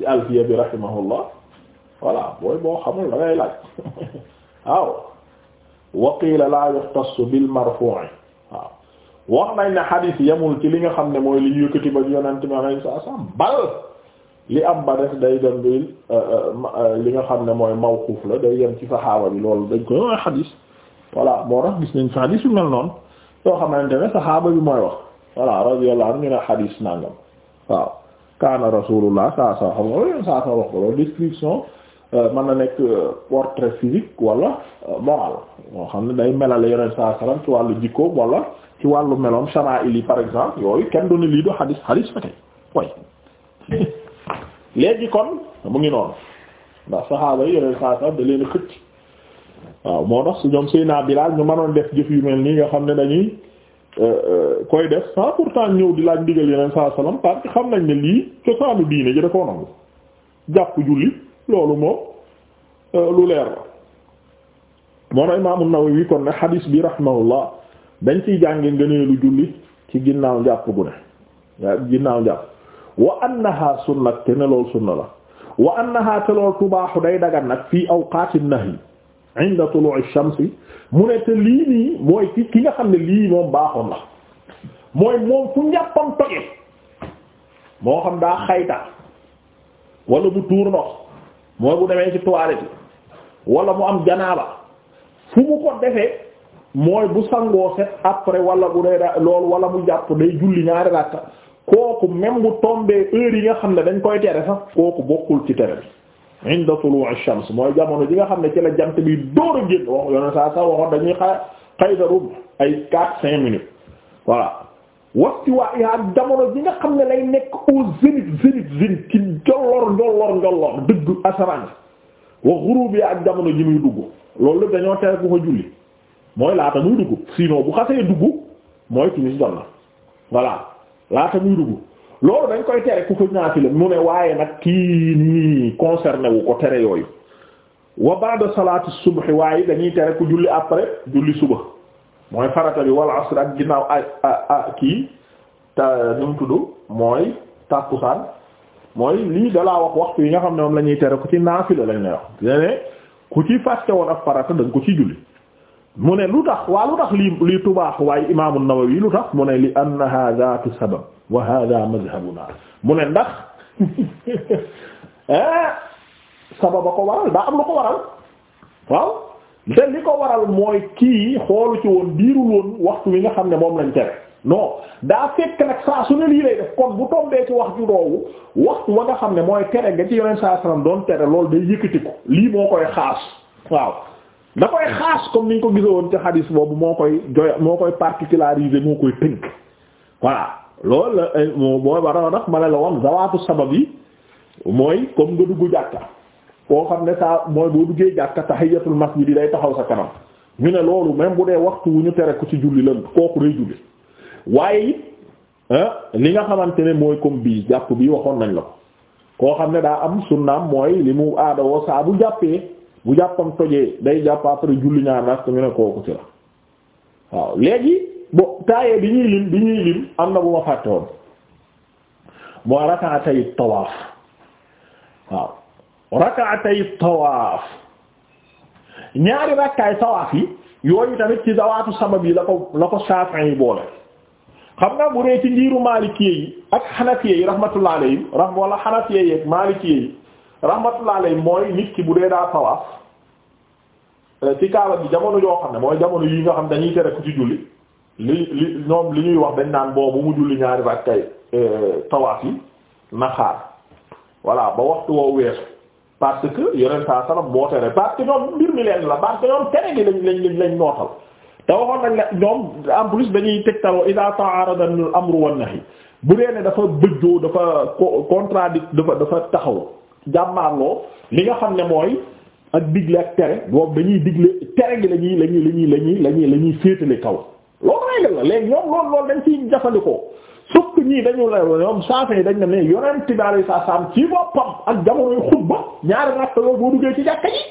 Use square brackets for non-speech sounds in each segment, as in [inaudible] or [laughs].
ci alfiya bi rahimahullah voilà booy boo xamul da ngay laaj [laughs] waaw wa qila la yuxtassu bil marfu'i waaw wax nañ ne xadiis yamul ci li nga xam ne mooy li yëkkati ba yonent mi li am ba des day dem euh, euh, li nga xam ne mooy mawquuf la day yem ci saxaaba bi loolu dañ koy wax xadiis voilà moo tax gis nañ fi xadiis yu mel noonu yoo xamante ne saxaaba bi mooy wax voilà radiyallahu anhu ñu ne xadiis nangam waaw kaana rasulullah saa saa xam nga saa saa wax ko description euh, mën na nekk euh, portrait physique wala euh, moral moo xam ne day melale yoneen saa salaam ci wàllu jikkoom wala ci wàllu meloom shama'il yi par exemple yooyu kenn du ne lii du xadis xadis fa kay way [laughs] léegi kon mu ngi noonu ndax saxaaba yi yoneen saa salaam da leen a xëcc waaw moo tax su ñoom Seydina Bilaal ñu mënoon def jëf yu mel nii nga xam ne dañuy. Euh, euh, koy def sans pourtant ñëw di laaj ndigal yeneen saa salaam parce xam nañ ne lii cosaanu diine ji da koo nangu jàpp julli loolu moom euh, lu leer la moo na Imaam An-Nawawi kon ne xadiis bi rahimahullah dañ ci jànge ngëneelu julli ci ginnaaw njàpp gu ginnaaw njàpp wa annaha sunna te ne sunna la wa annaha te loolu tubaaxu day dagan nag fii awqaatin nahyi inda tulu'i shamsi mu ne te lii nii mooy ki ki nga xam ne lii moom baaxoon la mooy moom fu njàppam toje moo xam daa xayta wala bu tuur ndox mooy bu demee ci toilette wala mu am janaaba fu mu ko defee mooy bu sangoo set après wala bu dee da loolu wala mu jàpp day julli ñaari rakka kooku même bu tombee heure yi nga xam ne dañ koy tere sax kooku bokkul ci tere bi inda tulu'i shams mooy jamono ji nga xam ne ci la jant bi door a génn wax yoone saa saa waxoon dañuy xa xayda rub ay quatre cinq voilà waxtu waa jamono ji nga xam ne lay nekk au zénith zénith zénith ci njolloor njolloor njolloor dëgg wa ghurub ya ak jamono ji muy dugg loolu dañoo tere ku ko mooy laata muy dugg sinon bu xasee dugg mooy timis jot na voilà laata muy dugg loolu dañ koy tere ku ko ñaati la mu ne waaye nag kii nii concerné wu ko tere yooyu wa ba'da salaati subhi waaye dañuy tere ku julli après julli suba mooy farata bi wal asr ak ginnaaw ay a kii te nu mu tudd mooy tàkkusaan mooy lii dalaa wax waxtu yi nga xam ne moom la ñuy tere ku ci naafila lañ lay wax dene ku ci fàtte woon ak farata da ko ci julli mu ne lu tax waa lu tax lii lii tubaax waaye imaamu Nawawi lu tax mu ne li anna hadhaatu sabab wa hadha madhhabuna mu ne ndax [laughs] eh, sababa ko waral daa am lu ko waral waaw te li ko waral mooy kii xoolu ci woon diirul woon waxtu wi nga xam ne moom lañ tere non daa fekk nag saa su ne lii lay def kon bu tombee ci wax ju doowu waxtu wa nga xam ne mooy tere nga ci yoneen saa sallam doon tere lool day yëkkati ko lii moo koy xaas waaw da xaas comme ni ñu ko gisoon ci xadis boobu moo koy joy moo koy particularisé moo koy tënk voilà loolu la eh, mooy wara nag ma ne la woon zawaatu sabab yi mooy comme nga dugg jàkka koo xam ne saa mooy boo duggee jàkka tahiyatul masjid yi day taxaw sa kanam ñu ne loolu même bu dee waxtu wu ñu tere ko ci julli lan kooku day julli waaye it ah, li nga xamante ne mooy comme bii jàpp bi waxoon nañ la ko koo xam ne daa am sunnaam mooy li mu aada woo saa bu bu jàppam tojee day jàpp après julli ñaar naas te ñu ne kooku ci la waaw léegi bo taayee bi ñuy lim bi ñuy lim am na bu ma fàtte woon moo rakaatay tawaaf waaw rakaatay tawaaf ñaari rakkaay tawaaf yi yooyu tamit ci zawaatu sabab yi la ko la boole xam nga bu ci ngiiru Maalikiyyi yi ak Hanafiyyi yi rahmatullah alayhim rahma wala Hanafiyyi yi ak rahmatullah alayhi mooy nit ki bu dee daa tawaaf eh, ci kaaba bi jamono joo xam ne mooy jamono yi nga xam dañuy tere ku ci julli li li ñoom li ñuy wax dañ naan boobu mu julli ñaari rakkay eh, tawaaf yi naxaar voilà ba waxtu woo weesu parce que yeneen saa sanam moo tere parce que ñoom mbir mi leen la parce que ñoom tere gi lañ lañ lañ nootal te waxoon nañ la ñoom en plus dañuy tegtaloo ida ta'arada al amru wan nahy bu dee ne dafa bëjjoo dafa contradict dafa dafa taxaw jàmmaarloo li nga xam ne mooy ak digle ak tere boobu dañuy digle tere gi la ñuy la ñuy la ñuy la ñuy la ñuy la ñuy féetale kaw loolu réegal la léegi ñoom loolu loolu dañ ciy jafandikoo sukk ñii dañu la ñoom saafe yi dañ ne mais yonent bi alayhi salaam ci boppam ak jamonoy xutba ñaari rakk yoo boo duggee ci jàkka ji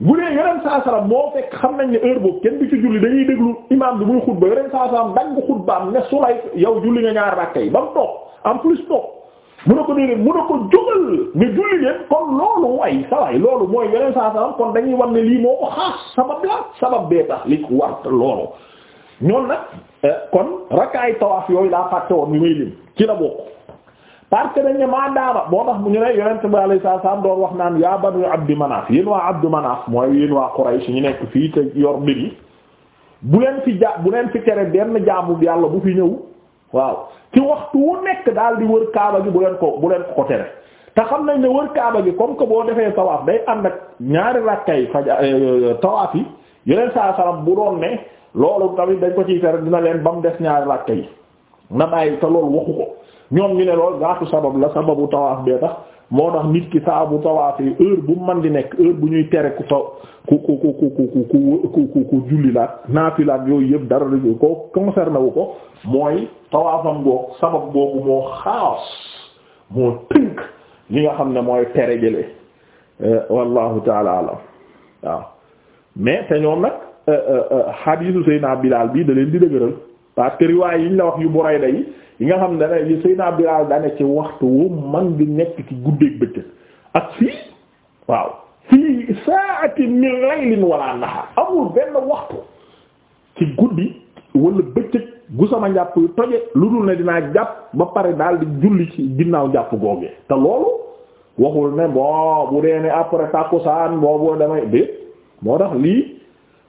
bu dee yonent saa moo fekk xam nañ ne heure boobu kenn du ci julli dañuy déglu imaam bi muy xutba yonent saa salaam dañ ko xutbaam ne su lay yow julli nga ñaari rakk yi ba mu toog en plus mun na ko déedéet mun na ko jógal nga julli leen kon loolu way sawaay loolu mooy yeneen saa saa kon dañuy war ne lii moo ko xaas sabab la sabab bee tax li ko war loolu ñoom nag eh, kon rakkaay tawaaf yooyu laa fàtte woon mi may lim ci la bokk parce que dañ ne maa daama boo tax mu ñu ne yonent bi alayhi salaam doon wax naan yaa banu abdi manaaf yéen waa abdu manaaf mooy yéen waa Quraysh ñu nekk fii te yor mbir yi bu leen fi ja bu leen fi tere benn jaamu yàlla bu fi ñëw waaw ci waxtu wu nekk daal di wër kaaba gi bu leen ko bu leen ko ko tere te xam nañ ne wër kaaba gi comme que boo defee tawaaf day ànd ak ñaari rakkay faj euh, euh, tawaaf yi leen saa salam bu doon ne loolu tamit dañ ko ciy tere dina leen ba mu des ñaari rakkay na bàyyi te loolu waxu ko ñoom ñu ne lool gaatu sabab la sababu tawaaf bee tax moo tax nit ki saabu tawaaf yi heure bu man di nekk heure bu ñuy tere ku fa ku ku ku ku ku ku ku laat naafilaat yooyu yëpp dara du ko concerné wu ko mooy tawaafam googu sabab boobu moo xaas moo tënk li nga xam ne mooy tere jële euh, wallahu taala alam waaw mais te ñoom nag xadiisu euh, euh, Seydina Bilaal bi da di dëgëral parce riwaay yi ñu la wax yu Burayda yi yi nga xam ne dana yi Seydina Bilaal dana ci waxtu wu man di nekk ci guddeeg bëccëg ak fii waaw fii saatin min laylin wala nahaar amul benn waxtu ci guddi wala bëccëg gu sama njàpp yu toje lu dul ne dinaa jàpp ba pare daal di julli ci ginnaaw jàpp googee te loolu waxul ne bon bu dee ne après tàkkusaan boobu damay déet moo tax lii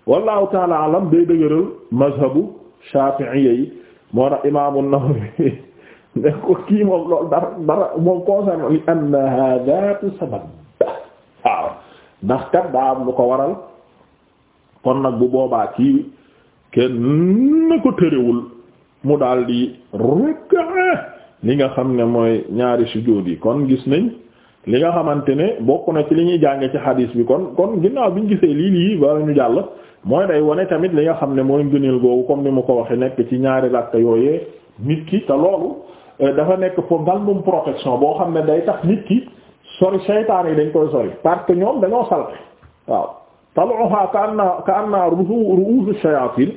wallahu taala day dëgëral mazhabu shafi'iyyi moo tax imaamu Nawawi ne ko kii moom loolu dara dara moom concerne li anna hadatu sabab waaw ndax kat daa am lu ko waral kon nag bu boobaa kii kenn na ko tërëwul mu daal di rukka li nga xam ne mooy ñaari sujjóot yi kon gis nañ li nga xamante ne bokk na ci li ñuy jànge ci xadiis bi kon kon ginnaaw bi ñu gisee lii lii ba ñu jàll mooy day wane tamit li nga xam ne mooy ngëneel googu comme ni mu ko waxee nekk ci ñaari làkk yooyee nit ki te loolu euh, dafa nekk pour ngàllum protection boo xam ne day tax nit ki sori seytaane yi dañ koy sori parce que ñoom dañoo salte waaw taluha ka anna ka anna ru'usu shayatin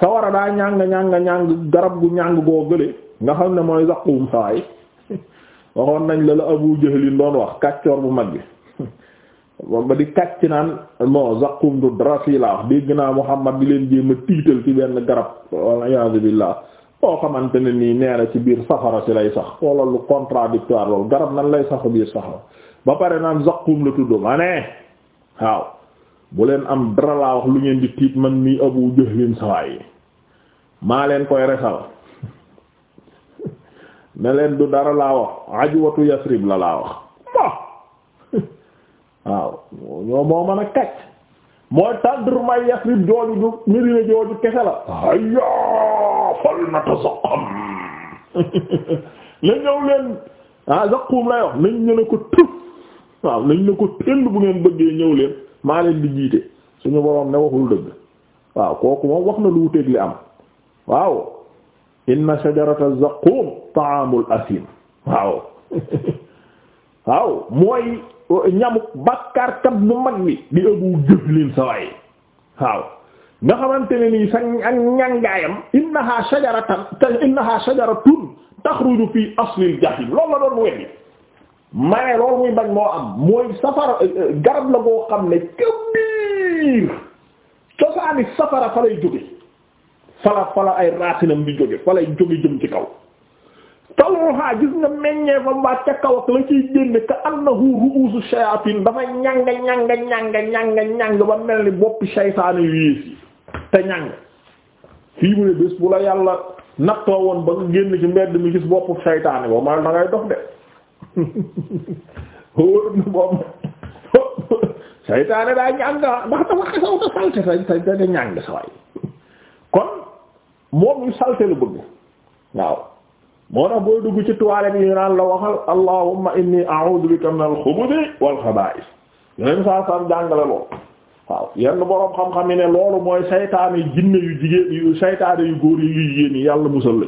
sawara daa ñàng ñàng ñàng garab gu ñàng goo gële nga xam ne mooy zaqum sawaay [laughs] waxoon nañ la la Abu Jahlin doon wax kàccoor bu mag bi moom ba di kàcc naan moo zaqum du dara fii laa wax dégg naa Muhammad di leen jéem a ci benn garab waliyasu billah boo xamante ne nii nee na ci biir safara si lay sax wala lu contradictoire loolu garab nan lay sax biir safara ba pare naan zaqum la tudd ma ne waaw bu leen am dara laa wax lu ngeen di tiit man mii Abu Jahlin sawaay maa leen koy resal [laughs] ne leen du dara laa wax ajwatu Yasrib la laa wax waaw ñoo moo mën a kacc mooy tàndur may Yasrib jooju du Medina jooju kese la hayya fal natazaqam la ñëw leen ah zaqum lay wax nañ ne ko tëf waaw nañ ne tëll bu ngeen bëggee ñëw leen maa leen di jiite suñu boroom ne waxul dëgg waaw kooku moom wax na lu wuteek li am waaw inna shajarata zaqum ta'amul asim waaw [laughs] waaw mooy euh, ñamuk bàkkaar kat bu mag bi di Abu Jahlin sa waaye waaw nga xamante ne nii sa ak ñàngaayam innaha shajaratan innaha shajaratun taxruju fi aslil jahim loolu la doon mu weddi mane loolu muy bañ moo am mooy safara euh, euh, garab la goo xam ne ca biir safara fa lay jóge fala fala ay raasinam di jóge fa lay jóge jëm ci kaw talluhaa gis nga meññee fa mbaat ca kaw ak la ciy génne ka annahu ru'usu shayatin dafa ñàng ñàng ñàng ñàng ñàng ba mel ni boppi shaytaane yu yées yi te ñàng fii mu ne bés bu la yàlla nattoo woon ba nga génn ci mbedd mi gis boppu shaytaane boo ma da dox de wóor [laughs] na moom [laughs] shaytaane daa ñàng ndax dafa xasaw te salte te te ñàng kon moom yu salte lu bëgg waaw moo tax booy dugg ci toilette yi naan la waxal allahumma inni a'udhu bika min al-khubuthi wal khaba'ith yeneen saa saa jàngale lool waaw yenn boroom xam-xam yi ne loolu mooy saytaane yu jinne yu jigéen yu saytaane yu góor yu jigéen yi yàlla musal la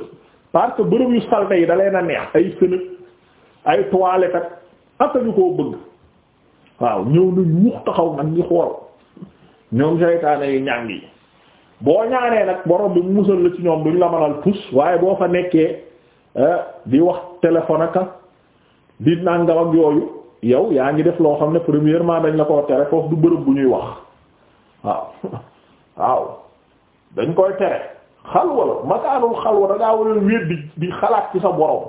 parce que bërëb yu salte yi da leen a neex ay fenêtre ay toilette ak ak ñu koo bëgg waaw ñëw nañ mux taxaw nag ñu xool ñoom saytaane yu ñàng yi boo ñaanee nag borom bi musal la ci ñoom duñ la mënal tus waaye boo fa nekkee. Eh, di wax téléphone ak di nàngam ak yooyu yow yaa ngi def loo xam ne premièrement dañ la koo tere foofu du bërëb bu ñuy wax waaw [laughs] waaw dañ koy tere xalwa la makaanul xalwa da ngaa war di di xalaat ci sa borom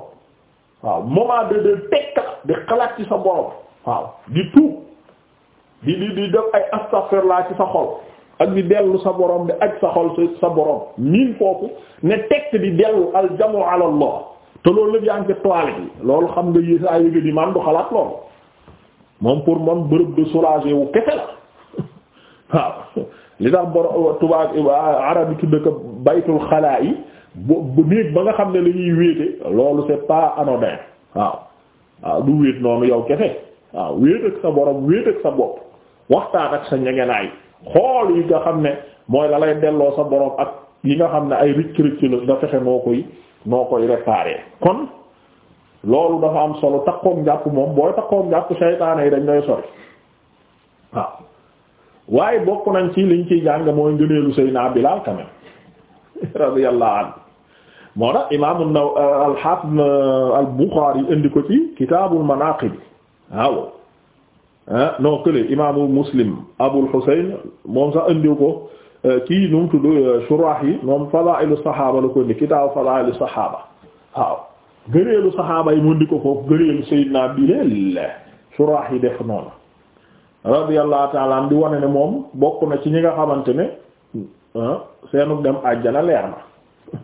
waaw moment de de tekk la di xalaat ci sa borom waaw di tuub di di di def ay astaghfirullah ci sa xol ak di dellu sa borom di aj sa xol sa sa borom foofu ne tekk di dellu aljamu ala allah te loolu la jàng toilette yi loolu xam nga yi saa yëga xalaat loolu moom pour moom bërëb de soulager wu kese la [laughs] waaw li tax boro tubaab arab yi tudd ko baytul xalaa yi bu néeg ba nga xam ne la ñuy wéete loolu c'est pas anodin waaw waaw du wéet noonu yow kese waaw wéet ak sa borom wéet ak sa bopp waxtaan ak sa ñegenaay xool yi nga xam ne mooy la lay delloo sa borom ak yi nga xam ne ay ricc ricc la nga fexe noo koy noo koy réparer kon loolu dafa am solo takkook njàpp moom booy takkook njàpp seytaane yi dañ lay sori waaw waaye bokk nañ ci liñ ciy jàng mooy ngëneelu Seydina Bilaal quand même [laughs] radiyallahu anhu moo tax na euh, al-Hafiz euh, al-Bukhari ko ci kitaabul manaqib waaw ah, non kële imaamu Muslim Abul Husayn moom sax indiw ko kii nu mu tudd euh, yi moom fadaa'ilu saxaaba la ko ni kitaabu fadaa'ilu saxaaba waaw gëreelu saxaaba yi mu di ko foofu gëreelu Seydina Bilaal shuraax yi def noonu radiyallahu ta'ala am di wane ne moom bokk na ci ñi nga xamante ne seenu dem àjjana leer na [laughs]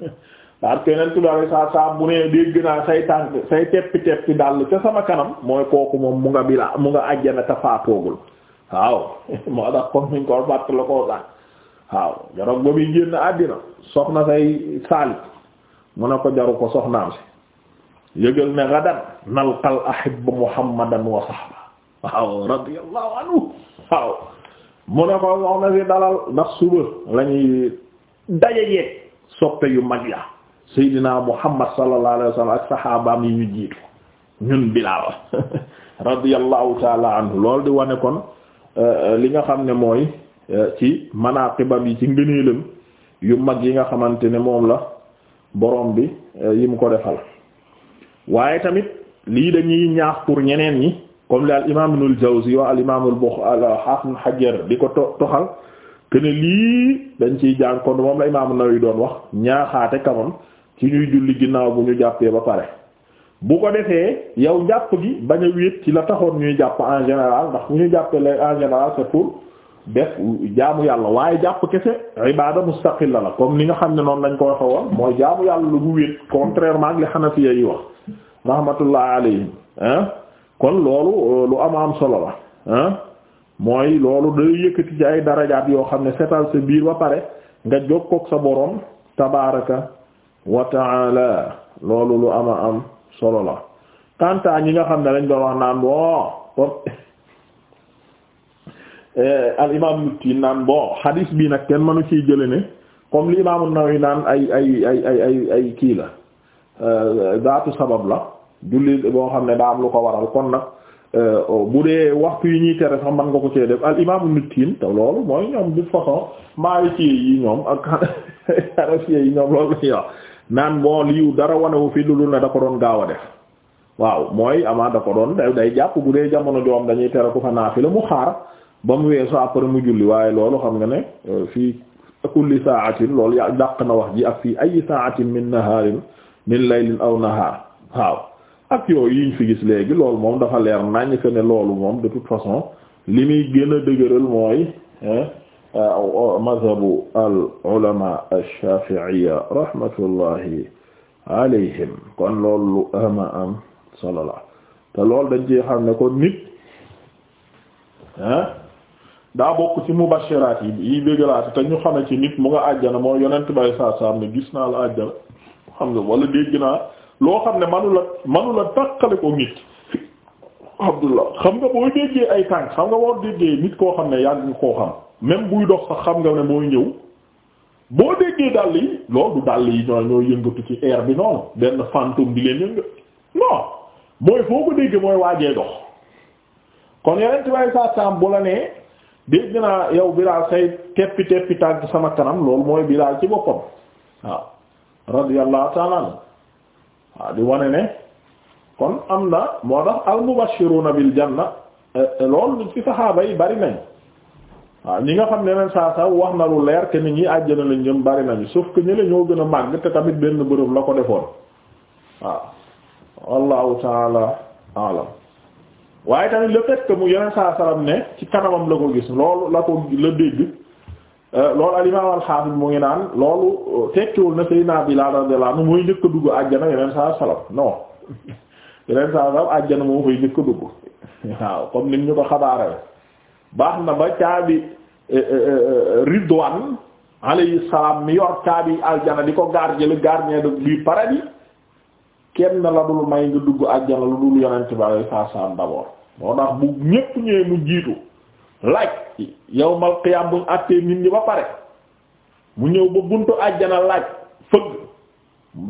parce que yeneen tubaab saa saa bu nee dégg naa say tànk say teppi teppi dàll ca sama kanam mooy kooku moom mu nga bilaa mu nga àjjana te faatoogul waaw [laughs] moo tax comme ni ñu ko la koo sax waaw jaroog ba muy génn àddina soxna say saalit mu ne ko jaru ko soxnaam si yëgal ne gadan nalqal ahibba muhammadan wa sahba waaw radiyallahu anhu waaw mu ne ko soxna si dalal ndax suba lañuy daje soppe yu mag ya seydina muhammad sallallahu alayhi wa sallam ak saxaabaam yi ñu jiitu ñun bilaal [laughs] radiyallahu taala anhu loolu di wane kon euh, li nga xam ne mooy ci manaqibam yi ci ngëneelam yu mag yi nga xamante ne moom la borom bi eh, yi mu ko defal waaye tamit lii dañuy ñaax pour ñeneen ñi comme la al imam ibnul Jawzi wa al imam di ko to toxal lii dañ ciy jàng kon moom la imam Nawawi doon wax ñaaxaate kamam ci ñuy julli ginnaaw bu ñu jàppee ba pare bu ko defee yow jàpp gi bañ a wéet ci la taxoon ñuy jàpp en général ndax bu ñu jàppee la en général c'est def jaamu yàlla waaye jàpp kese ibada mustaqilla la comme ni nga xam ne noonu lañ ko waxe woon mooy jaamu yàlla lu gu wéet contrairement ak li xanafiya yi wax rahmatullah alayhim kon loolu euh, lu am am solo la mooy loolu day yëkkati ci ay darajaat yoo xam ne setal sa biir ba pare nga jokkoog sa boroom tabaraka wa taala loolu lu ama am solo la tant ñi nga xam ne lañ doon wax naan wo Eh, al imaam nuti naan bon hadis bi nag kenn mënu ci jële ne comme li imaamu Nawawi naan ay ay ay ay ay kii la eh, daatu sabab la julli boo xam ne daa am lu ko waral kon nag eh, oh, bu dee waxtu yi ñuy tere sax man nga ko cee def al imaamu nutiin te loolu mooy ñoom de façon Maliki yi ñoom ak [laughs] Hanafi yi ñoom loolu la naan bon liiw dara wanewu fi lu dul ne da ko doon gaaw a def waaw mooy amaa da ko doon day jàpp bu dee jamono joom dañuy tere ku fa naafila mu xaar ba mu weesu après mu julli waaye loolu xam nga ne euh, fii kulli saatin loolu ya dàq na wax ji ak fii ay saatin min naharin min laylin aw nahar waaw ak yooyu yiñ fi gis léegi loolu moom dafa leer nañ que ne loolu moom de toute façon li muy gën a dëgëral mooy euh, mazhabu al ulama ash am solo la te loolu dañ ci xam ne kon nit daa bokk ci mubashiraat yi yi bégalaate te ñu xame ci nit mu nga àjjana moo yonent bay saa saam na gis naa la àjjana xam nga wala dégg naa loo xam ne manula manula tàqale ko nit abdullah xam nga boo déggee ay tànk xam nga boo déggee nit koo xam ne yàgg nga koo xam même buy dox sax xam nga ne mooy ñëw boo déggee dàll yi loolu du dàll yi ñoo ñoo yëngatu ci air bi noonu benn fantôme di leen yënga non mooy foo ko déggee mooy waajee dox kon yonent la nee dégg naa yow Bilaal say teppi teppi tànk sama kanam loolu mooy Bilaal ci boppam waaw radiyallahu ta'ala anhu waaw di wane ne kon am na moo tax al mubashiruna bil janna eh, eh, loolu ci saxaaba yi bari nañ waaw ñi nga xam ne neen saa saa wax na lu leer te nit ñi àjjana lañ jëm bari nañu sauf que ñoo gën a màgg te tamit benn bërëb la ko defoon waaw wallahu ta'ala a'lam waaye tamit le fait que mu yeneen saa salaam ne ci kanamam la ko gis loolu la ko la dégg euh, loolu al imaam mu ngi naan loolu euh, tekkiwul na Seydina Bilaal radiyallahu anhu mooy njëkk a dugg àjjana yeneen saa salaam non [laughs] yeneen saa salaam àjjana moo fay njëkk a [laughs] waaw comme ni ñu ko xabaare baax na ba caabi e, e, e, Ridwaan alayhi salaam mi yor caabi aljana di ko gardien le gardien de du paradis kenn la dul may nga dugg àjjana lu dul yonent bi alayhi salaam d'abord moo tax bu ñépp ñëwee mu jiitu laaj yawmal qiyaam bu ñu àttee nit ñi ba pare mu ñëw ba buntu àjjana laaj fëgg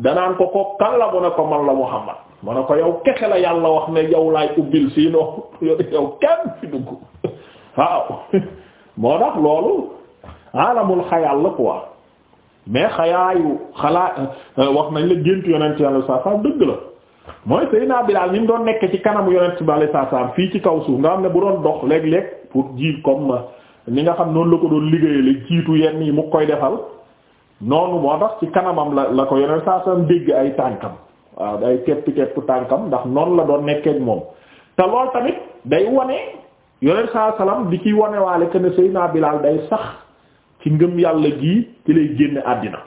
danaan ko ko kan la mu ne ko man la Muhammad mu ne ko yow kese la yàlla wax ne yow laay ubbil sinon [laughs] yow kenn fi dugg [laughs] waaw [laughs] moo tax loolu alamul xayal la quoi mais xayaayu xalaat euh, wax nañ la géntu yonent ci yàlla saa saam dëgg la mooy Seydina Bilaal ni mu doon nekkee ci kanamu yonent ci yàlla saa saam fii ci kaw suuf nga xam ne bu doon dox léeg-léeg pour ji comme euh, ni nga xam noonu la ko doon liggéeyee la jiitu yenn yi mu koy defal noonu moo tax ci kanamam la la ko yonent saa saam dégg ay tànkam waaw ay tepp tepp tànkam ndax noonu la doon nekkee moom te lool tamit day wane yonent saa salaam di ci wanewaale que ne Seydina Bilaal day sax. ci ngëm yàlla gii ci lay génne àddina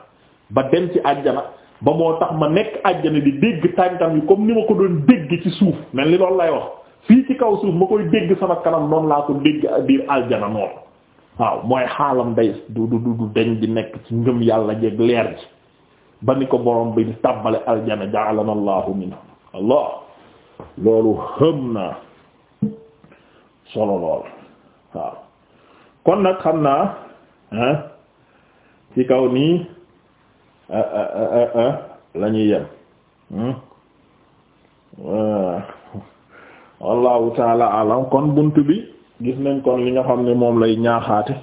ba dem ci àjjana ba moo tax ma nekk àjjana di dégg tànkam yi comme ni ma ko doon dégg ci suuf mel ni loolu lay wax fii ci kaw suuf ma koy dégg sama kanam noonu laa ko dégg biir aljana noonu waaw mooy xaalam day du du du deñ di nekk ci ngëm yàlla jeeg leer ji ba ni ko borom bi di tàbbale aljana ja'alana allahu minhu allah loolu xam naa solo lool waaw kon nag xam naa ah ci kaw nii la ñuy yem hmm? wallahu taala alam kon bunt bi gis nañ kon li nga xam ne moom lay ñaaxaate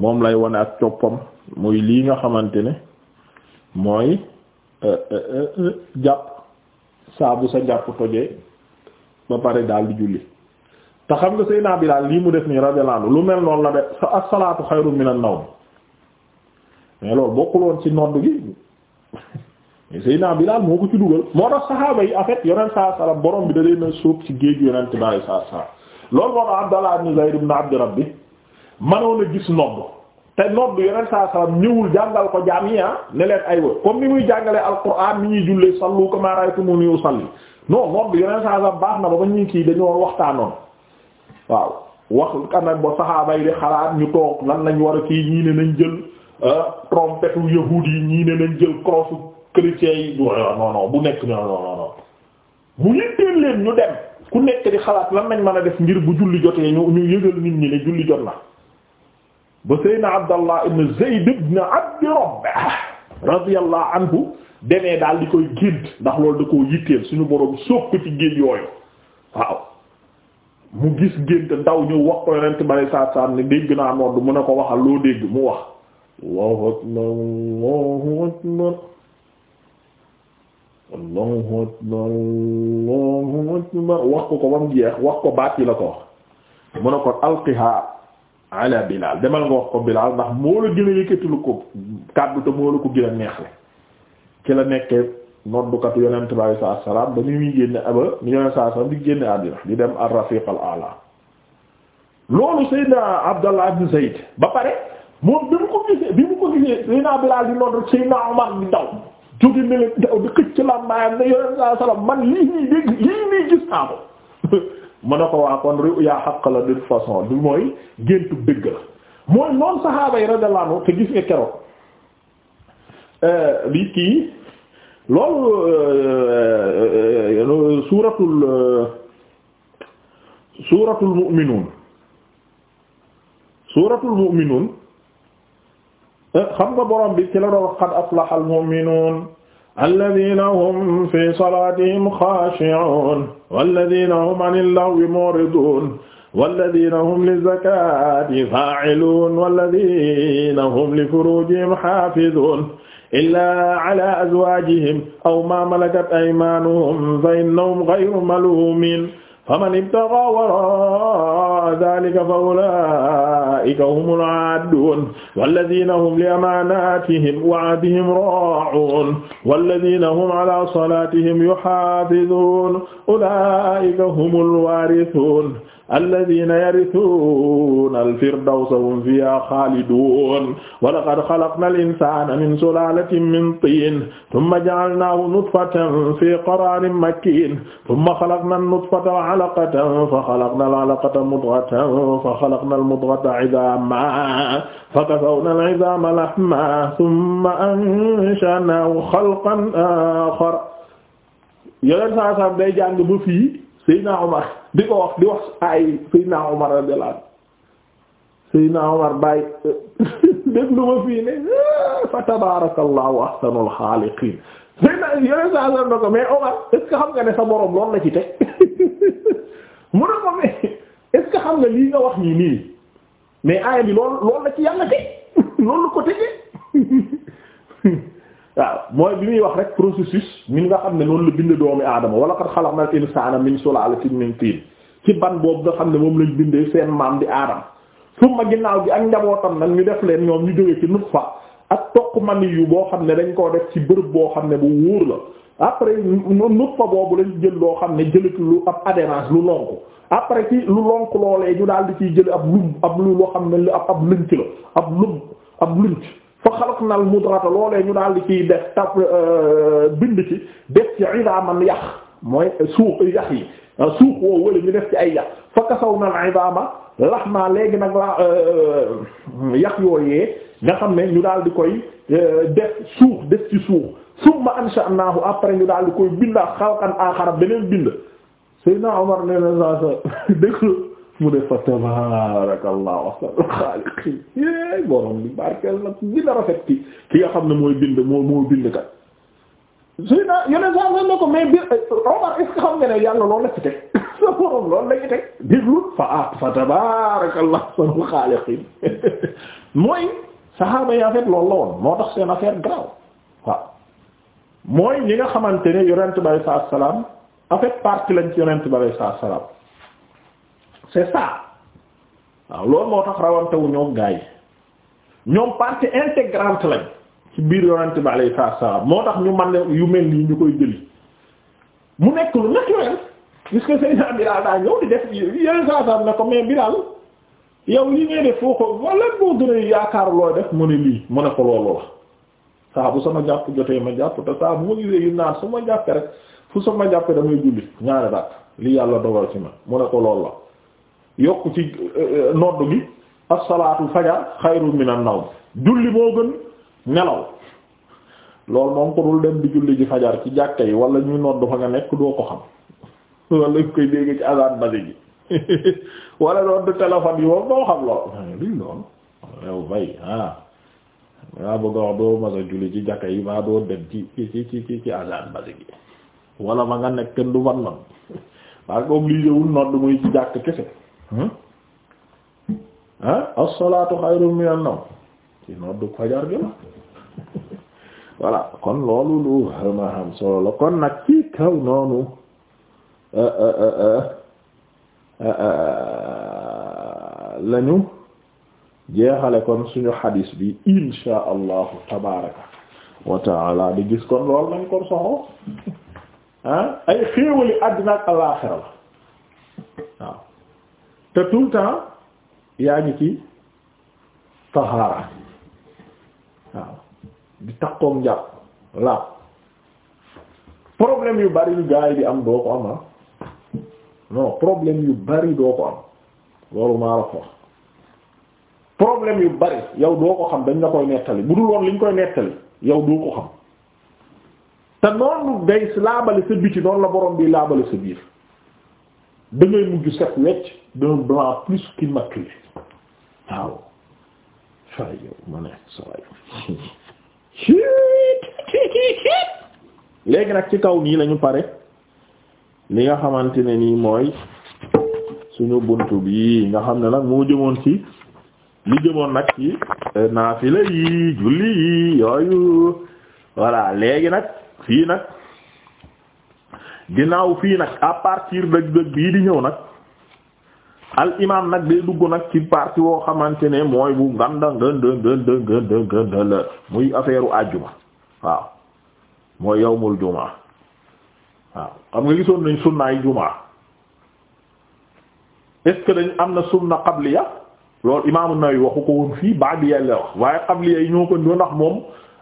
moom lay wane ak coppam muy lii nga xamante ne mooy e, e, e, jàpp saabu sa jàpp tojee ba pare daal di julli te xam nga Seydina Bilaal lii mu def nii radiyallahu anhu lu mel noonu la de sa as-salaatu xayrun minan nawm mais loolu bokkul woon ci nodd gi mais Seydina Bilaal moo ko ci dugal moo tax saxaaba yi en fait yonent borom bi da leen a sóob ci géeju yonent baay saa salaam loolu moo tax Abdallah ibn Zayd ibn Abd Rabbi mënoon a gis nodd te nodd yonent saa ñëwul jàngal ko jaam yi ah ne leen aywa comme ni muy jàngalee alquran ni ñuy jullee sallu kamaa baax na ba ba ñu kii waaw wax kanam ba saxaaba yi di xalaat ñu toog lan lañ war a kii ñii ne nañ jël euh, trompette yahuud yi ñii ne nañ jël crossu chrétien yi non non bu nekk non non mu yitteel leen ñu dem ku nekk di xalaat lan lañ mën a def ngir bu julli jotee ñu ñu yëgal nit ñi ne julli jot na ba Seydina Abdallah ibn Zayd ibn Abdi Rabbah radiyallahu anhu demee daal di koy gént ndax lool da koo yitteel suñu boroom sokk ci géej yooyu waaw mu gis gént ndaw ñu wax ko yonent bari saa saa ne dégg naa nodd mu ne ko waxal loo dégg mu wax wax ko ko ba wax ko baat yi la ko wax mu ne ko alqiha ala Bilal demal nga wax ko Bilal ndax moo la gën a yëkkati ko kàddu te moo la ko gën a neexle ci la nekkee noddukatu yonent bi alayhi salaatu salaam ba ni muy génne aba ni yonent saa salaam di génne àddina di dem ar al-a'la loolu Seydina Abdallah bi mu ko gisee bi mu ko gisee di nodd Seydina Umar di daw jóge làmbaayam ne yonent saa salaam man lii nii gis naa ko [laughs] mën na ko waa kon ru'ya haqq la de toute façon du mooy géntu dëgg la mooy noonu saxaaba yi radiyallahu te gis nga keroog eh, bi kii loolu euh, euh, euh, suuratul suuratul mu'minuun suuratul mu'minuun xam nga borom bi ci la doon qad aflaha al-mu'minuun alladhiina hum fi salaatihim xaashi'uun walladhiina hum 'anil lahwi mu'riduun walladhiina hum liz-zakaati faa'iluun walladhiina hum li furuujihim haafizuun illaa ala azwaajihim aw maa malakat aymaanuhum fa innahum ghayru maluumiin faman ibtagaa waraa daalika fa ulaa'ika humul aadduun wallaziina hum li amaanaatihim wa ahdihim raa'uun wallaziina hum alaa salaatihim yuhaafizuun ulaa'ika humul waarisuun alladina yarithuna alfirdawsa hum fiha xaalidun wa laqad xalaqna al insana min sulalatin min tin thumma ja'alnahu nutfatan fi qararin makin thumma xalaqna an-nutfata alaqatan fa xalaqna al-alaqata mudghatan fa xalaqna al-mudghata 'idhaman fakasawna al-'idhama lahman thumma ansha'nahu xalqan akhar yoneen saa saa day jàng ba fii Seydina Omar di ko wax di wax ay Seydina Omar radiyallahu anhu Seydina Omar bàyyi [laughs] déglu ma fii ne ah, fa tabarakallahu ahsanul xaaliqiin Seydina yeneen saa soxna na ko mais Omar est ce xam nga ne sa borom loolu la ci teg [laughs] mu ne ko mais est ce xam nga lii nga wax nii nii mais aaya bi loolu loolu la ci yàlla teg [laughs] loolu ko tegee. waaw mooy bi muy wax rek processus min nga xam ne noonu la bind doomi aadama wala qad xalaqnal insaana min sulaalatin min tiin ci ban boobu nga xam ne moom lañ bindee seen maam di aadama ma ginnaaw gi ak njabootam nag ñu def leen ñoom ñu jógee ci nutfa ak toq mani yu boo xam ne dañ koo def ci bërëb boo xam ne bu wóor la après nutfa boobu lañ jël loo xam ne jëlati ab adhérence lu lonku après ci lu lonku loolee ñu daal di ciy jël ab lum ab lu loo xam ne ab ab lënc la ab lum ab lënc fa xalaqnal mudrata loolee ñu daal di ciy def tab euh, bind ci def ci idaaman yax mooy suuf yax yi ah, suuf woo wala ñu def ci ay yax fa kasawnal idaama laxmaa léegi nag la euh, yax yooyee nga xam ne ñu daal di koy euh, def suuf def ci suuf summa ansha'naahu après ñu daal di koy binda xalqan aaxara beneen bind Seydina Omar nee na sa sa dëgg mu def fa tabarakallah wa xaaliqi é borom bi barkeel nag gën ki nga xam ne mooy bind moo moo bind kat suy naa yeneen saa saa ne ko mais bi euh, Omar est-ce xam nga ne yàlla loolu la ci teg [laughs] sa borom loolu la fa ah fa tabarakallah sunu [laughs] mooy saxaaba yi en fait la woon moo tax seen affaire grave mooy ñi nga xamante ne yonent bi alayhi salaam en fait partie lañ ci yonent bi alayhi salaam c'est ça waaw loolu moo tax rawantewu ñoom gaa yi ñoom partie intégrante lañ ci biir yonent bi alayhi salaam moo tax ñu man yu mel nii ñu koy jëli mu nekk lu naturel puisque Seydina Bilaal daa ñëw di def yeneen yow li ngay foo ko yaakaar looy def mu ne lii mu ne ko loolu la saa bu sama jàpp jotee ma jàpp te saa bu ma gisee yu naan su ma jàppee rek fu sama jàppee damay julli ñaari bàtt li yàlla dogal ci ma mu ne ko lool la. yokk ci euh, euh, nodd gi as-salaatu fajar xayrun minan nawm julli moo gën nelaw loolu moom ko dem di julli ji fajar ci jàkka yi wala ñu nodd fa nga nekk doo ko xam wala ñu koy dégg ci azan basi [laughs] yi moom doo lool luy bay ah yaa bëgg doo mas julli ci jàkka yi maa doo dem ci ci ci ci basi gi wala ma nga nekk kenn du man man parce que nodd [laughs] muy jàkk kese Hmm? ah as-salaatu xayrun minan nawm ci noddu fajar gi la [laughs] voilà kon loolu lu hama ham solo la kon nag ci kaw noonu euh, euh, euh, lañu jeexale kon suñu xadiis bi insha allahu tabaraka wa di gis kon loolu nañ kon soxo [laughs] ah ay xéewali àddina ak alaaxira la waaw te tout le temps yaa ngi ci tahaara waaw di takkoom njàpp laab problème yu bari yu gaa yi di am doo ko am ah non problème yu bari doo ko am loolu maa la problème yu bari yow doo ko xam dañ la koy nettali bu dul woon liñ koy nettali yow doo ko xam te noonu day laabale sa biti noonu la borom bi laabale sa biir da ngay mujj set wecc d'un blanc plus qu'immaculé waaw fay yow [laughs] nag ci kaw nii lañu pare li nga xamante ne nii mooy suñu buntu bi nga xam ne nag moo jëmoon si li jëmoon nag ci eh, naafila yi julli yi yooyu voilà léegi nag fii nag ginnaaw fii nag à partir de de bii di ñëw nag al imaam nag day dugg nag ci partie woo xamante ne mooy bu nganda nganda nganda nganda nganda la muy affaire u àjjuma waaw mooy yawmul jumaa waaw xam nga gisoon nañ sunnaay jumaa est-ce am na sunna qabliya loolu imaamu Nawawi waxu ko woon fii baadiya la wax waaye qabliya yi ñoo ko doon moom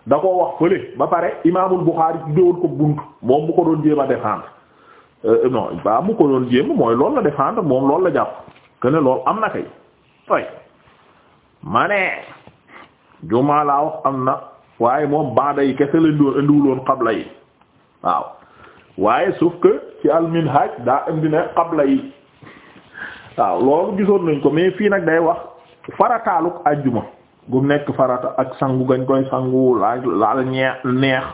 da koo wax fële ba pare imaamul Buxaari tuddewoon ko bunt moom bu ko doon jéem a défendre euh, non ba mu ko doon jéem mooy loolu la défendre moom loolu la jàpp que ne am na kay oy ma jumaa laa wax am na waaye moom baada yi kese la indiwoon indiwuloon qabla yi waaw waaye sauf que ci al-Minhaj daa indi ne yi waaw loolu gisoon nañ ko mais fii nag day wax farataaluk àjjuma gu nekk farata ak sangu gañ koy sangu laa laal neex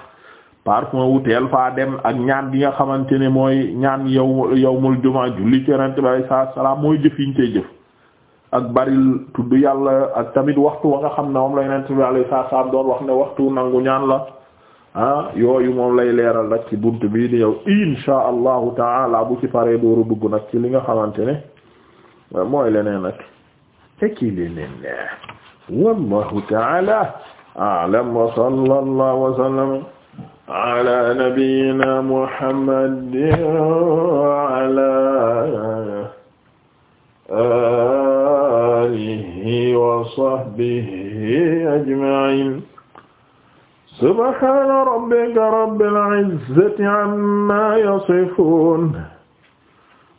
parfum wuteel faa dem ak ñaan gi nga xamante ne mooy ñaan yow yawmul juma julli ci yonent bi alayhi salaatu salaam mooy jëf yiñ cay jëf ak baril tudd yàlla ak tamit waxtu wa nga xam ne moom la yonent bi alayhi salaatu salaam doon wax ne waxtu nangu ñaan la ah yooyu moom lay leeral nag ci bunt bii di yow insha allahu taala bu ci paree dooru dugg nag ci li nga xamante ne mooy leneen nag tekki leneen wallahu ta'ala a'lam wa sallallahu wa sallam ala nabiyyina muhammadin wa ala alihi wa sahbihi ajma'in subhana rabbika rabbil izzati amma yasifun